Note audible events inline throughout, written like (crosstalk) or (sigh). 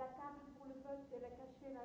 la cave, pour le peuple et la cachée, la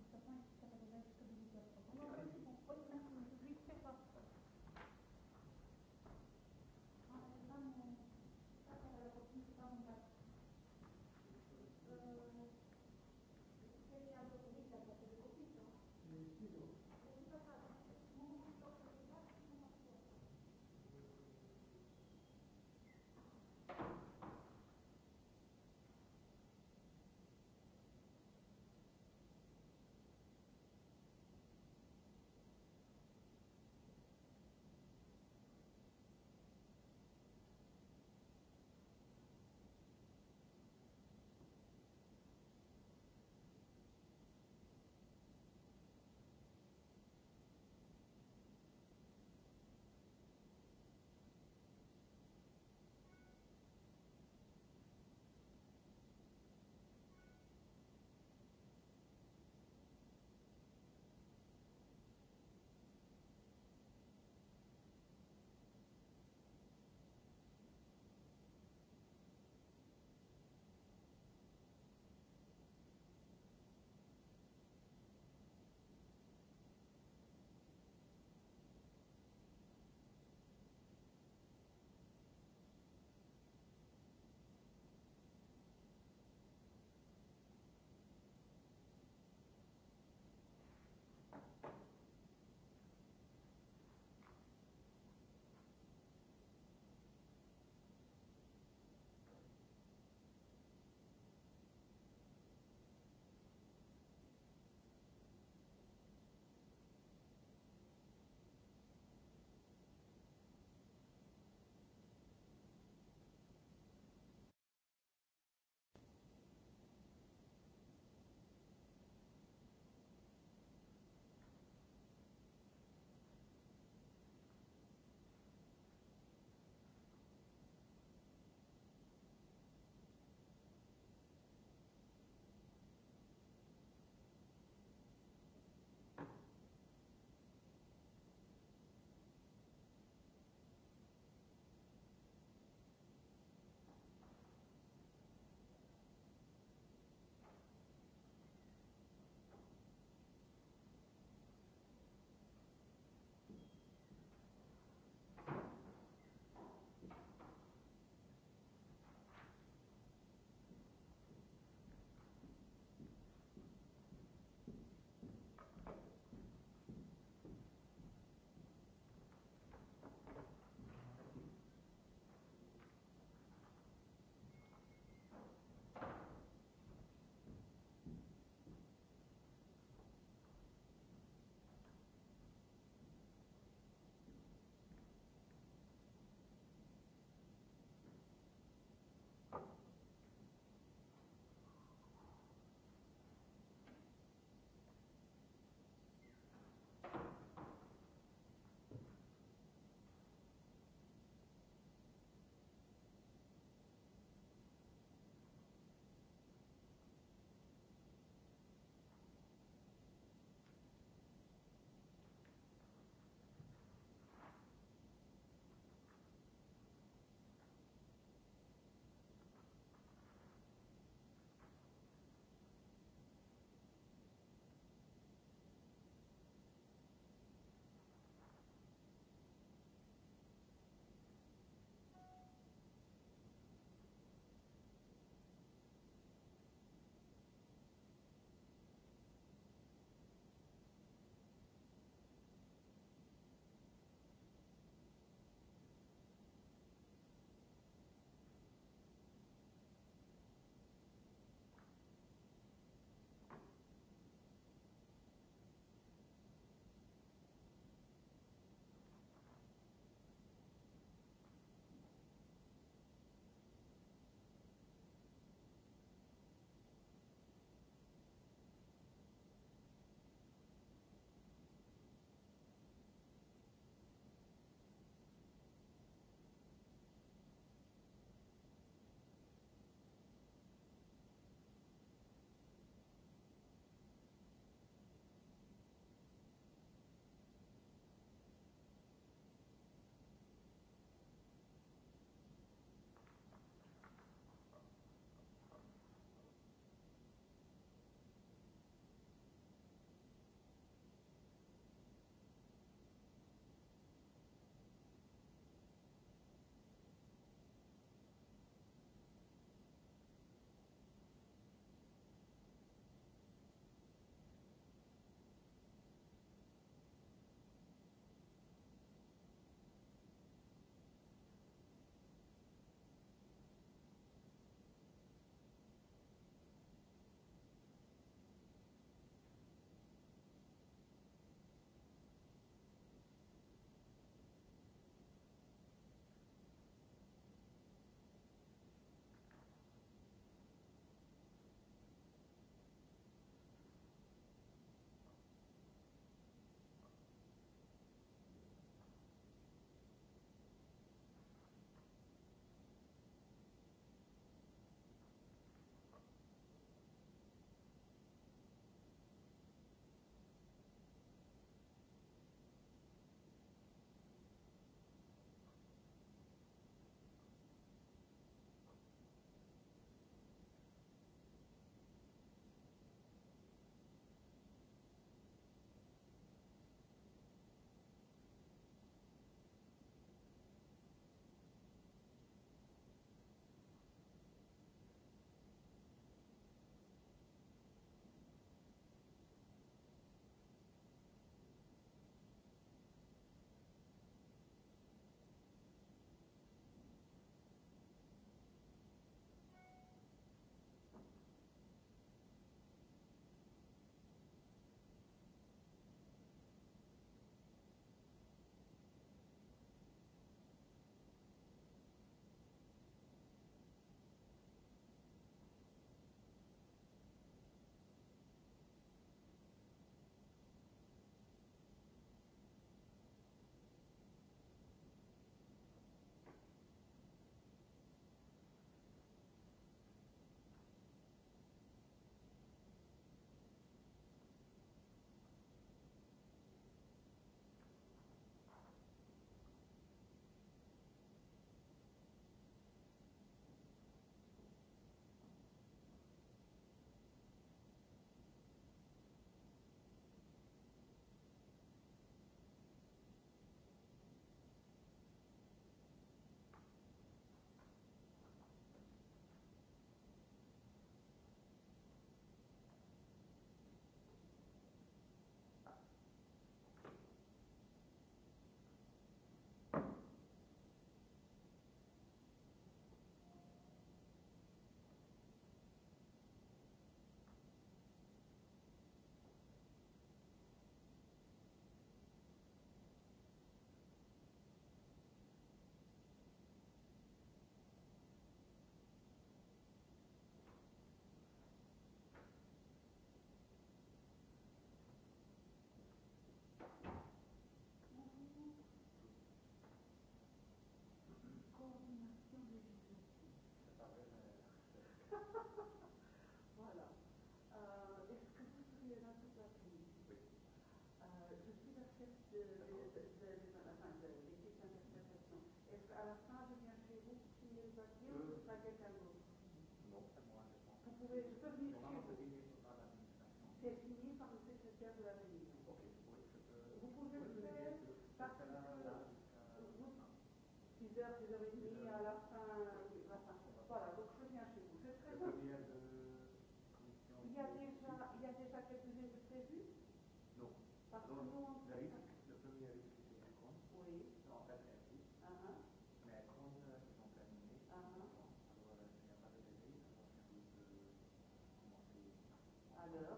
valeur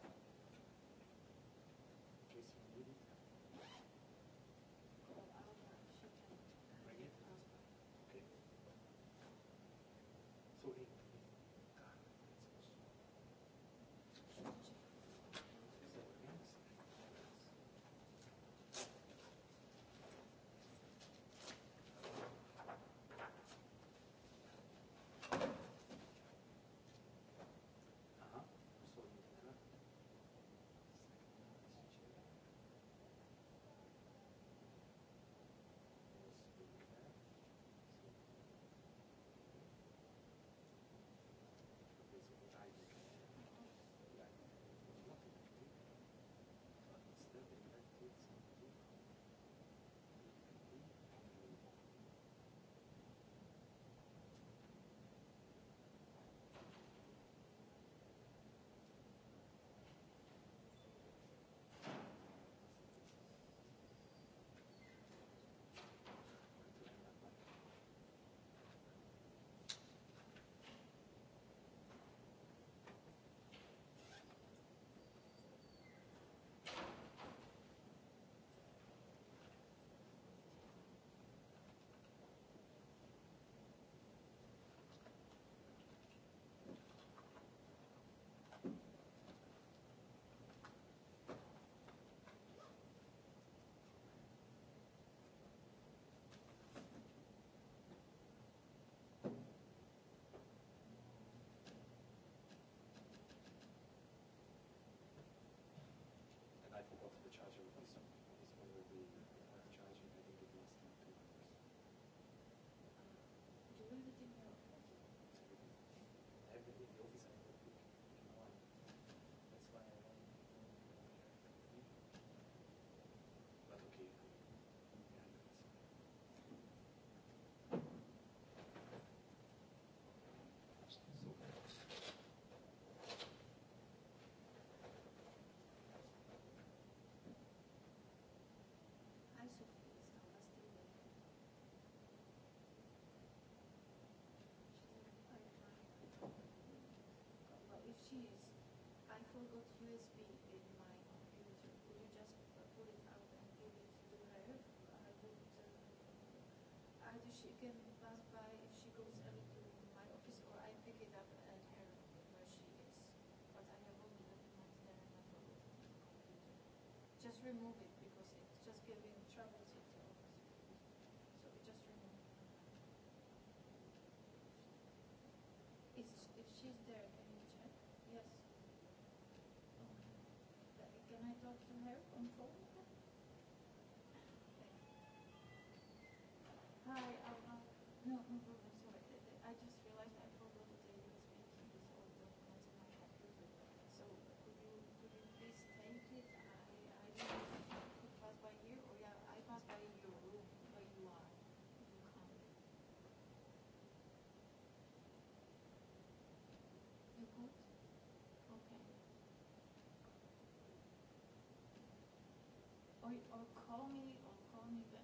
just remove it because it's just giving trouble to the So we just remove it. Is, if she's there, can you check? Yes. Okay. Can I talk to her on phone? or call me or call me when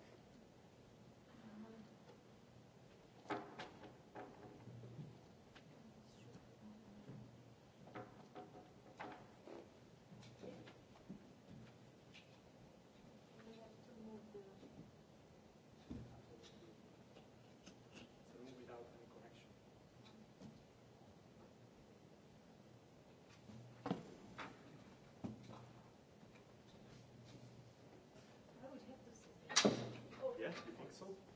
council.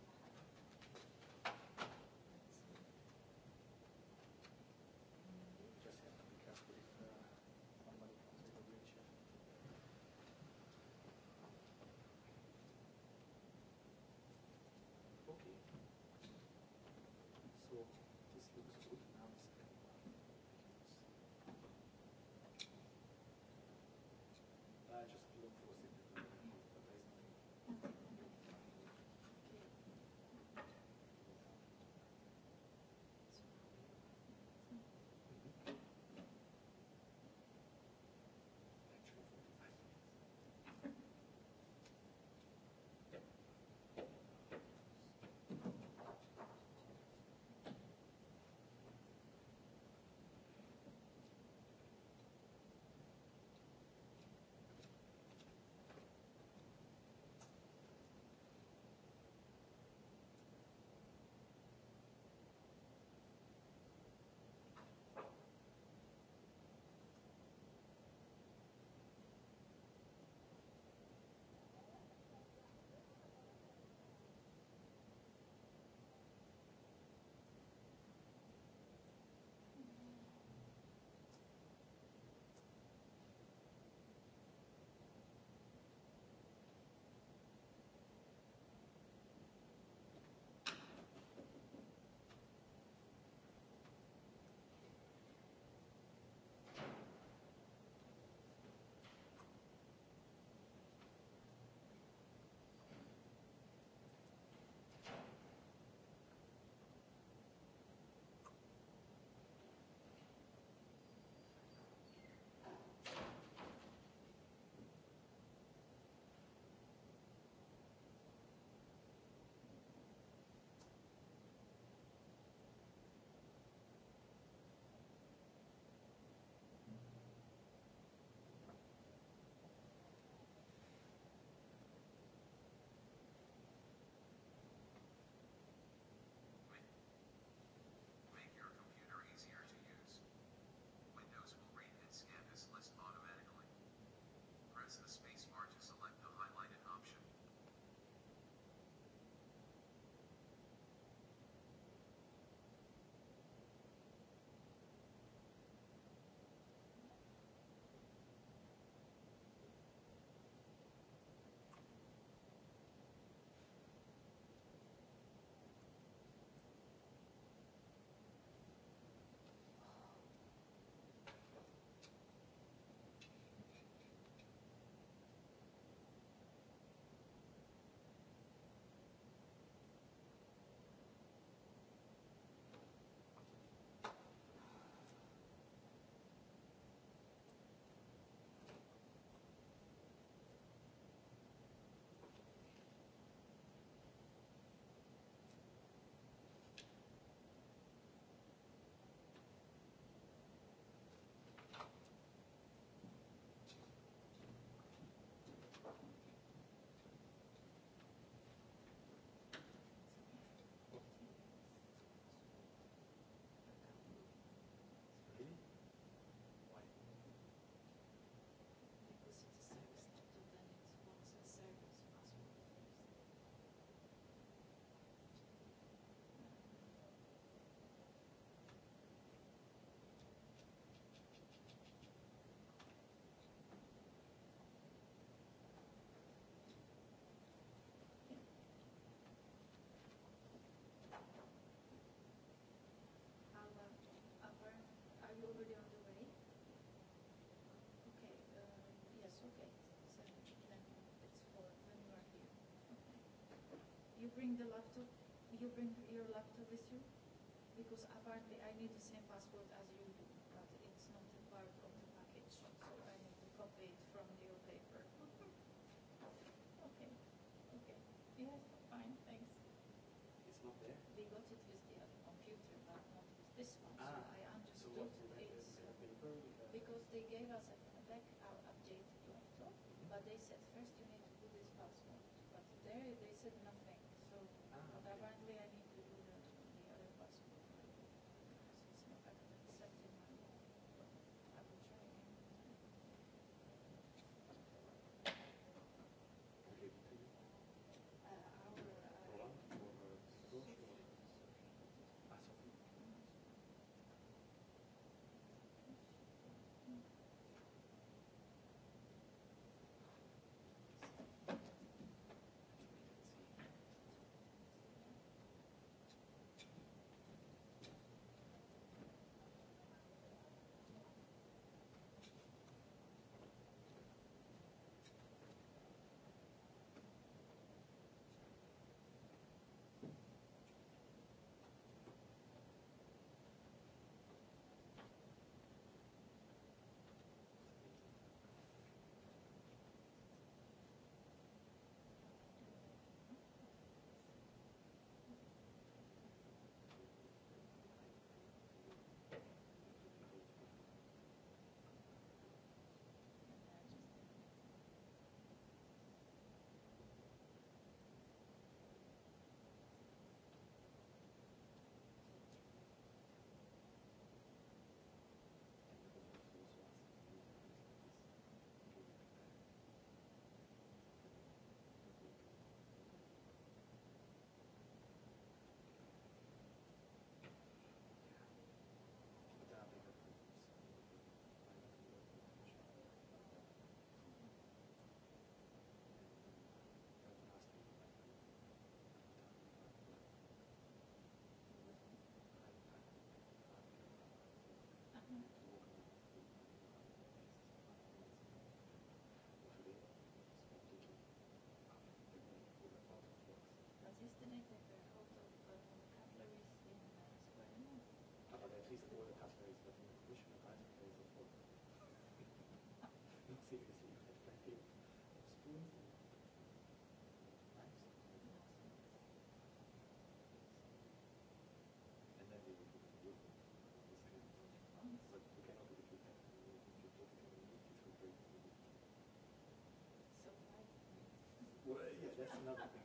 bring the laptop, you bring your laptop with you? Because apparently I need the same password as you do, but it's not a part of the package, so I need to copy it from your paper. (laughs) okay, okay. Yes, fine, thanks. It's not there? We got it with the other computer, but not with this one, ah, so I understood so what, it's... Uh, paper, because they gave us a seriously the perspective of spoons. Knives. And then they will put the yoke on the second one. But you cannot do it with that. If you put it on the meat, it will break the meat. So, well, yeah, that's another thing.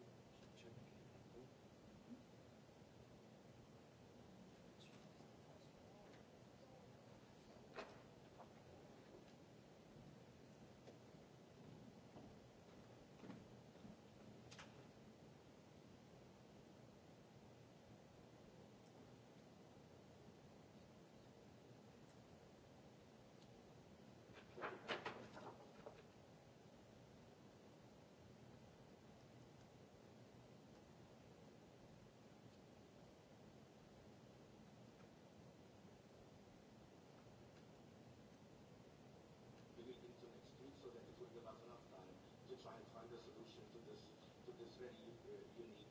very unique.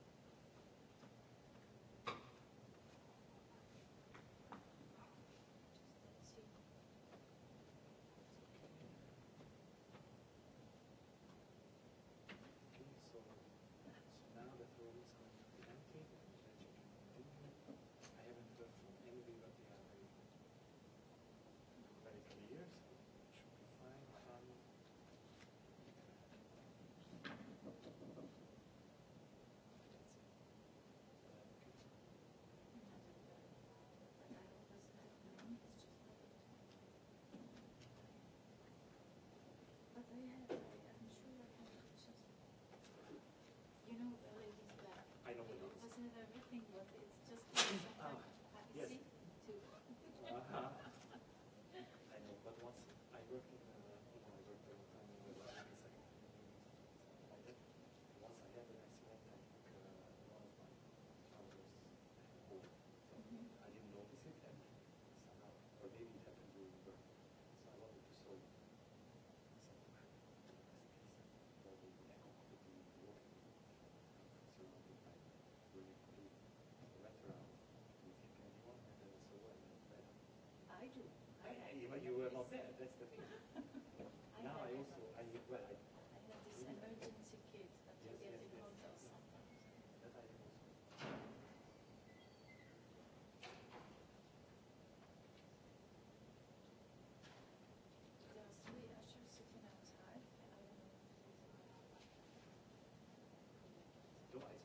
think what is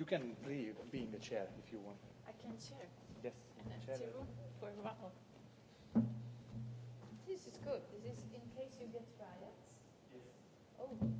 You can leave, be in the chair if you want. I can chair. Yes. And empty room for a while. This is good. This is in case you get riots. Yes. Oh.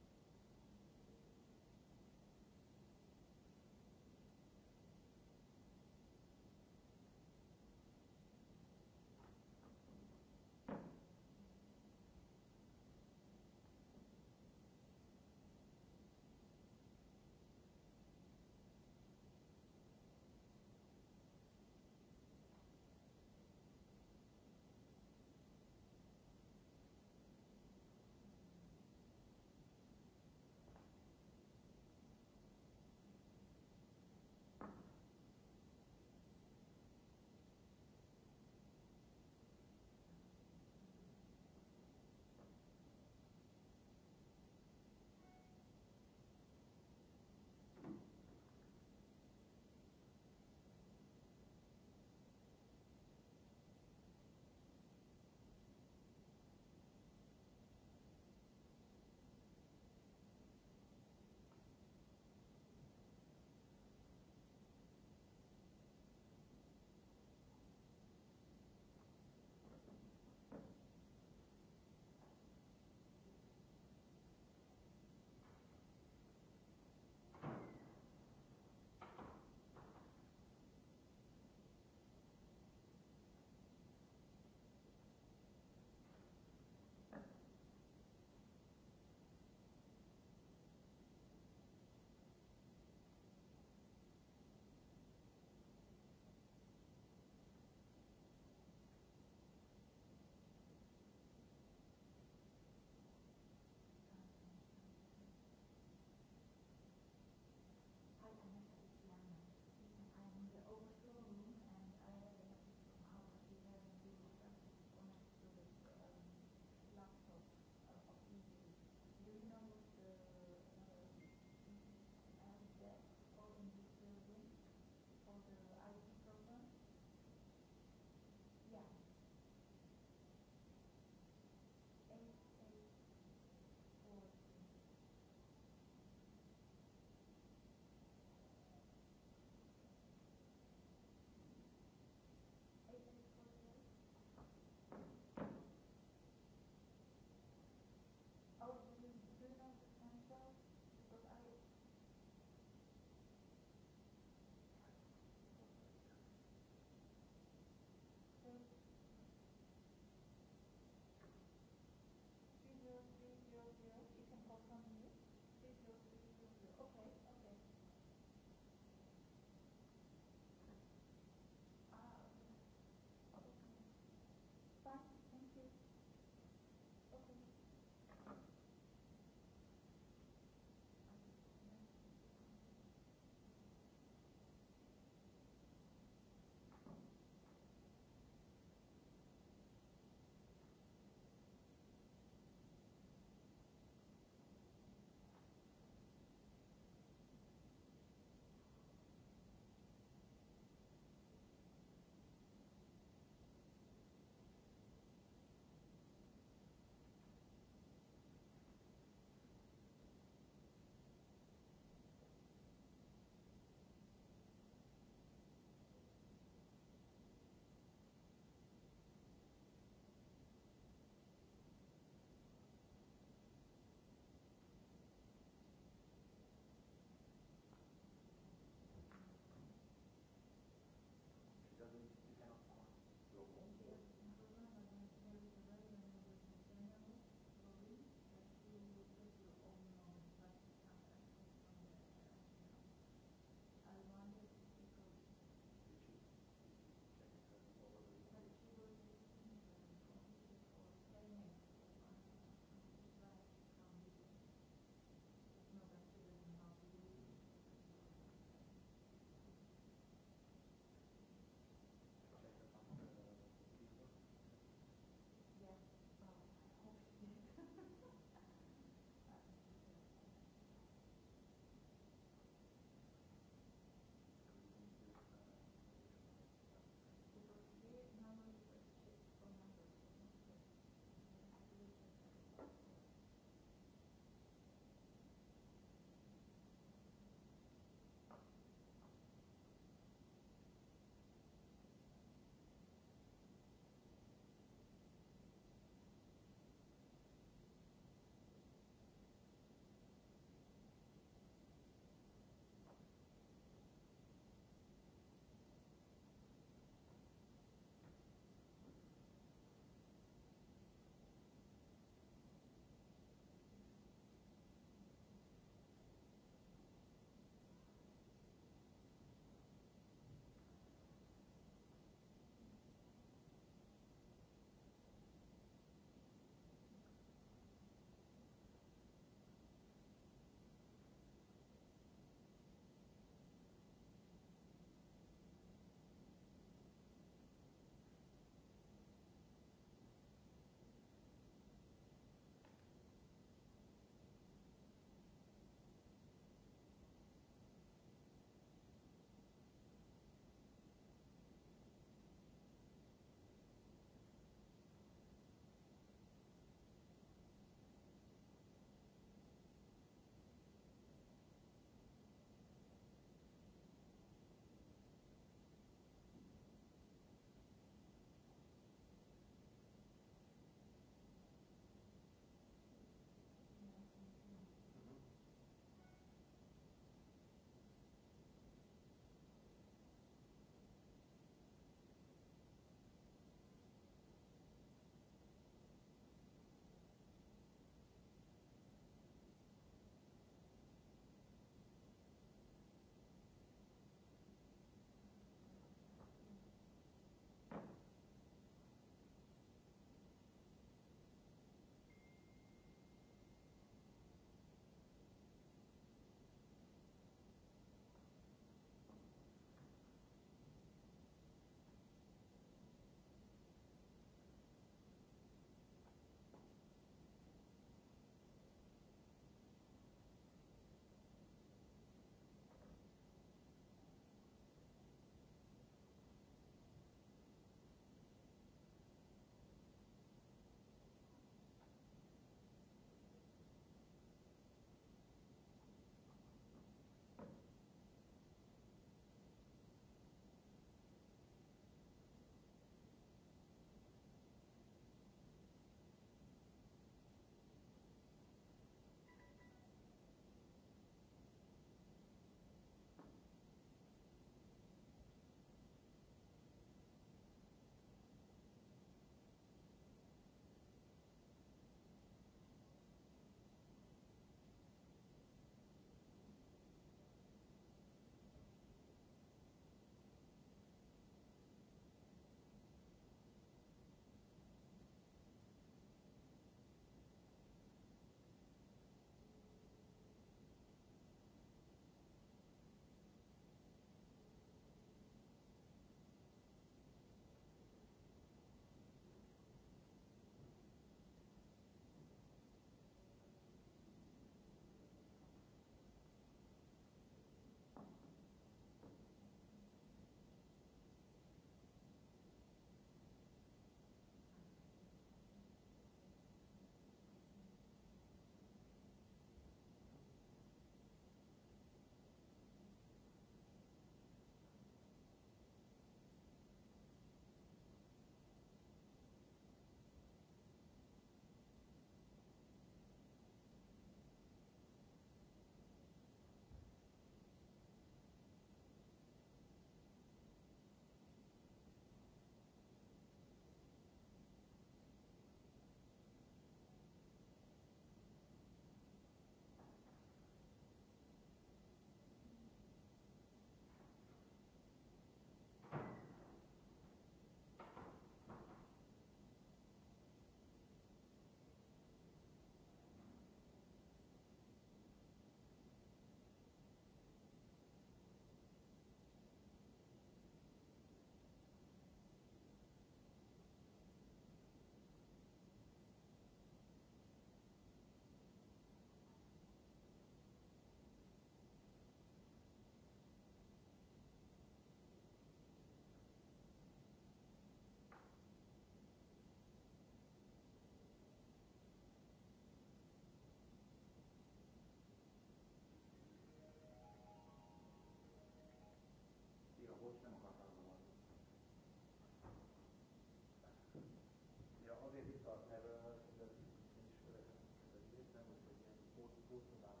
guten Namen.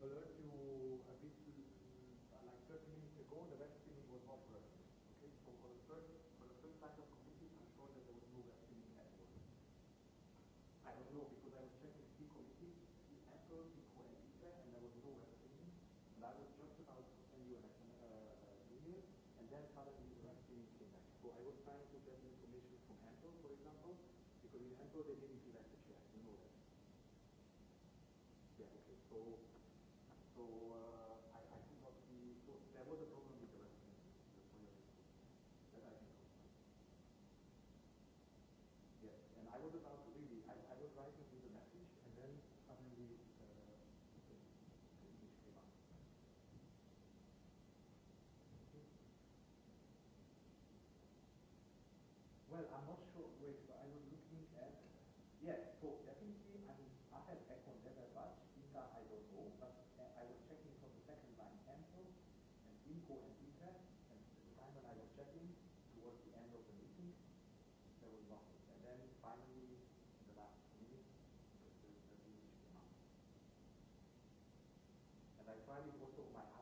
alert you a bit uh, like 30 minutes ago, the vaccine was not working. Okay, so for the first, for the first time of committees, I'm sure that there was no vaccine in Apple. I don't know because I was checking the committee, the Apple, the Coentica, and there was no vaccine. And I was just about to send you an uh, email, and then suddenly the vaccine came back. So I was trying to get information from Apple, for example, because in Apple they didn't give us a check, you know that. Yeah, okay, so. So uh, I, I think what we, so there was a problem with the rest that I think of. Yes, and I was about to really, I, I was writing with the message, and then suddenly uh, the, the image came up. Well, I'm not sure, wait, 12% manje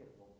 tillgång.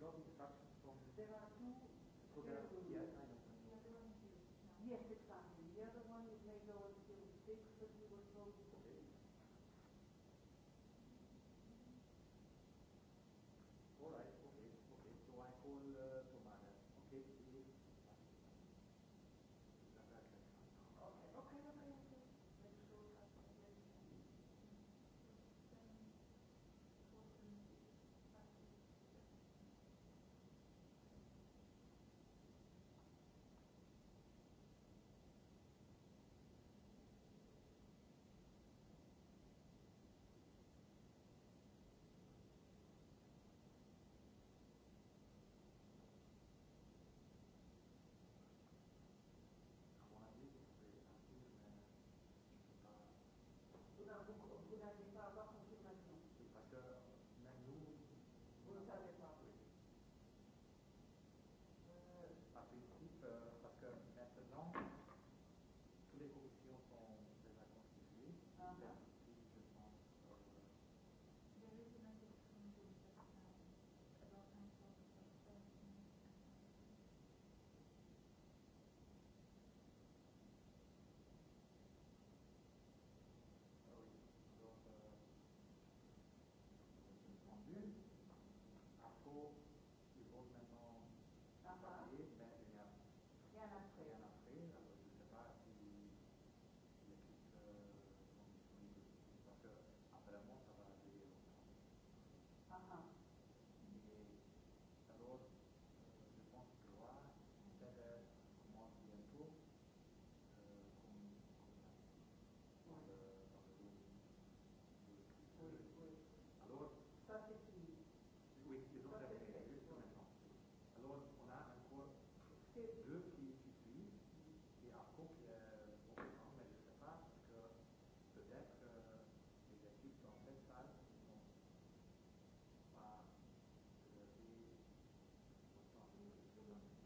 Lobby-Praxis von Literatur, Fotografie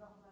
noh,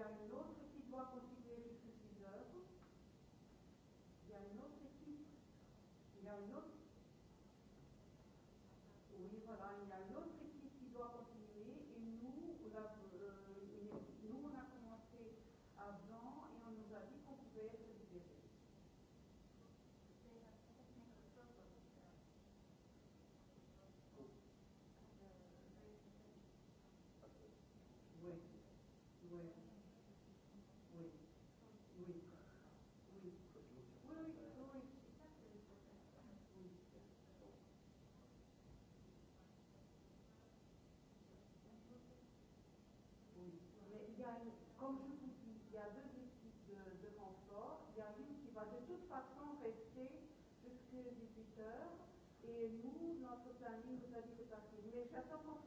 5 миллионов и 2 культурных Realização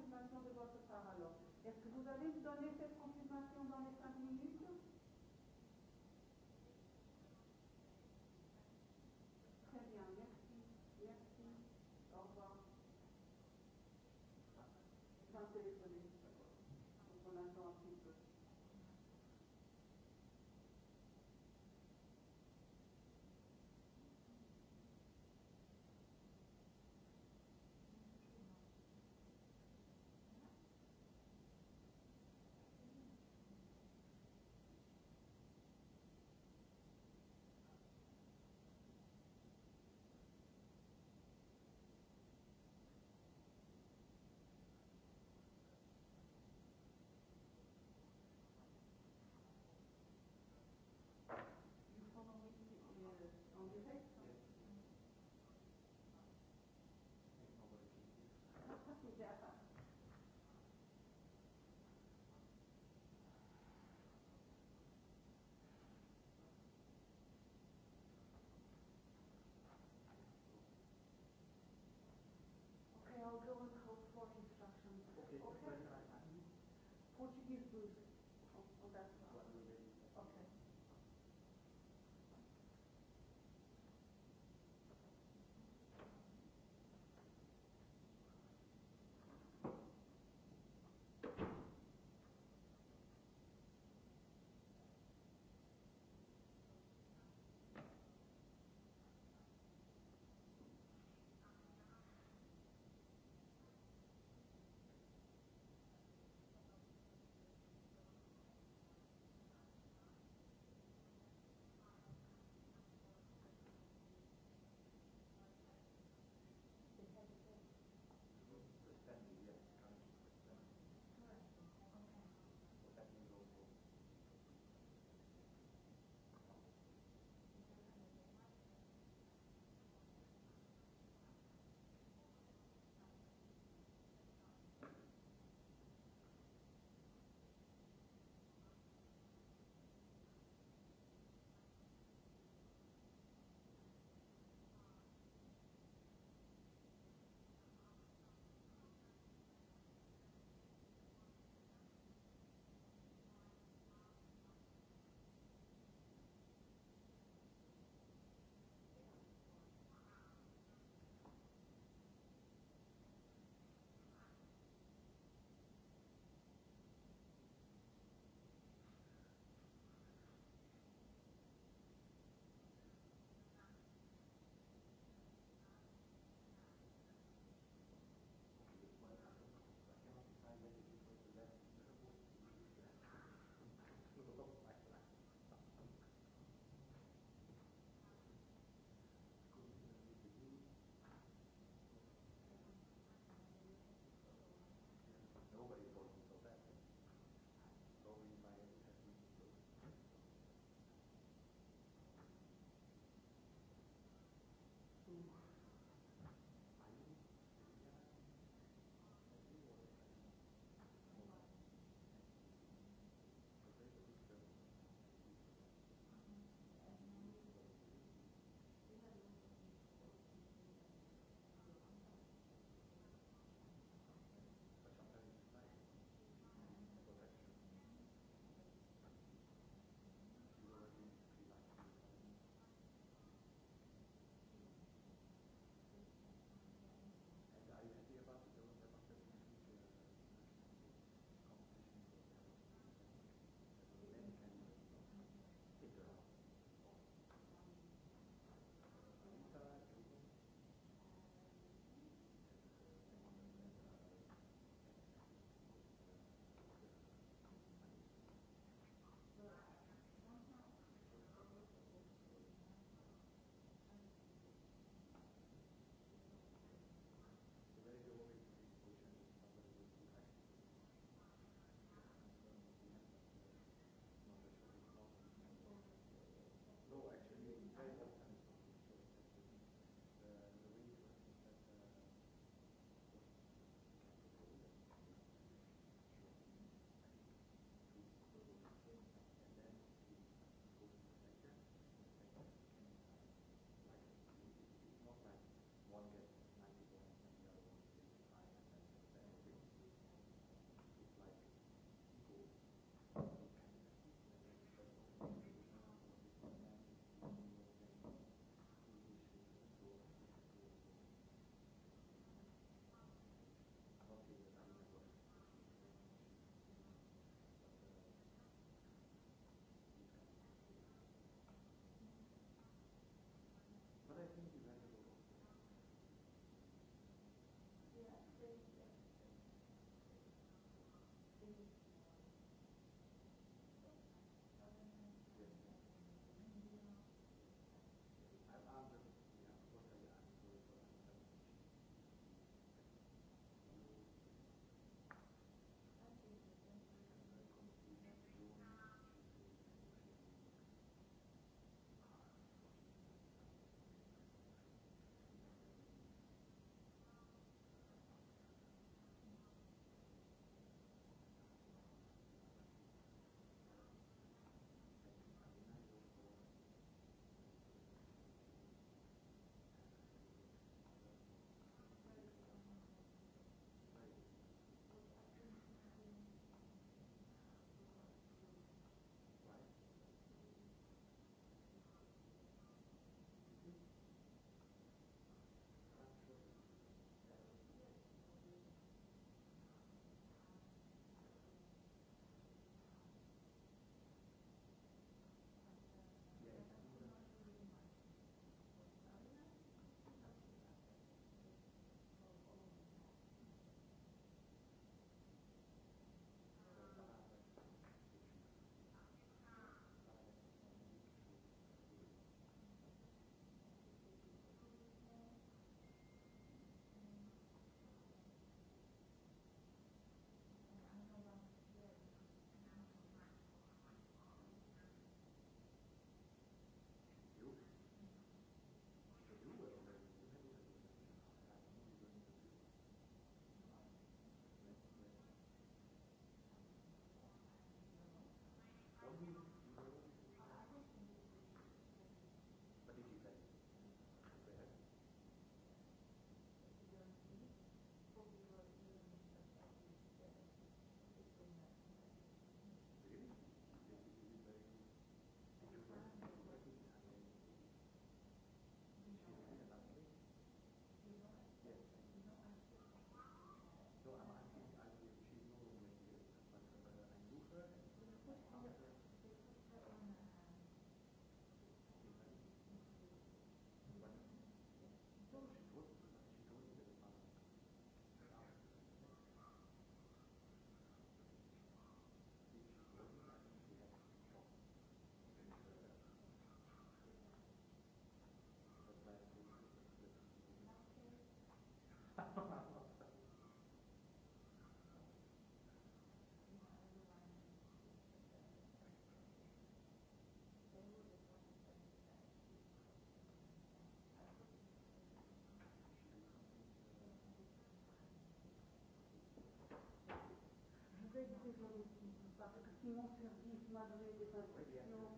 parce que si mon service m'a donné des impressions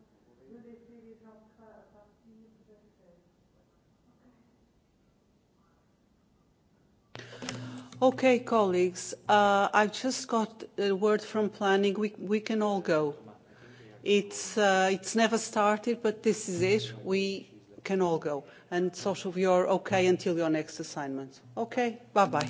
de laisser les gens partir, Okay, colleagues, uh, I've just got a word from planning. We, we can all go. It's, uh, it's never started, but this is it. We can all go. And social, you're okay until your next assignment. Okay, bye-bye.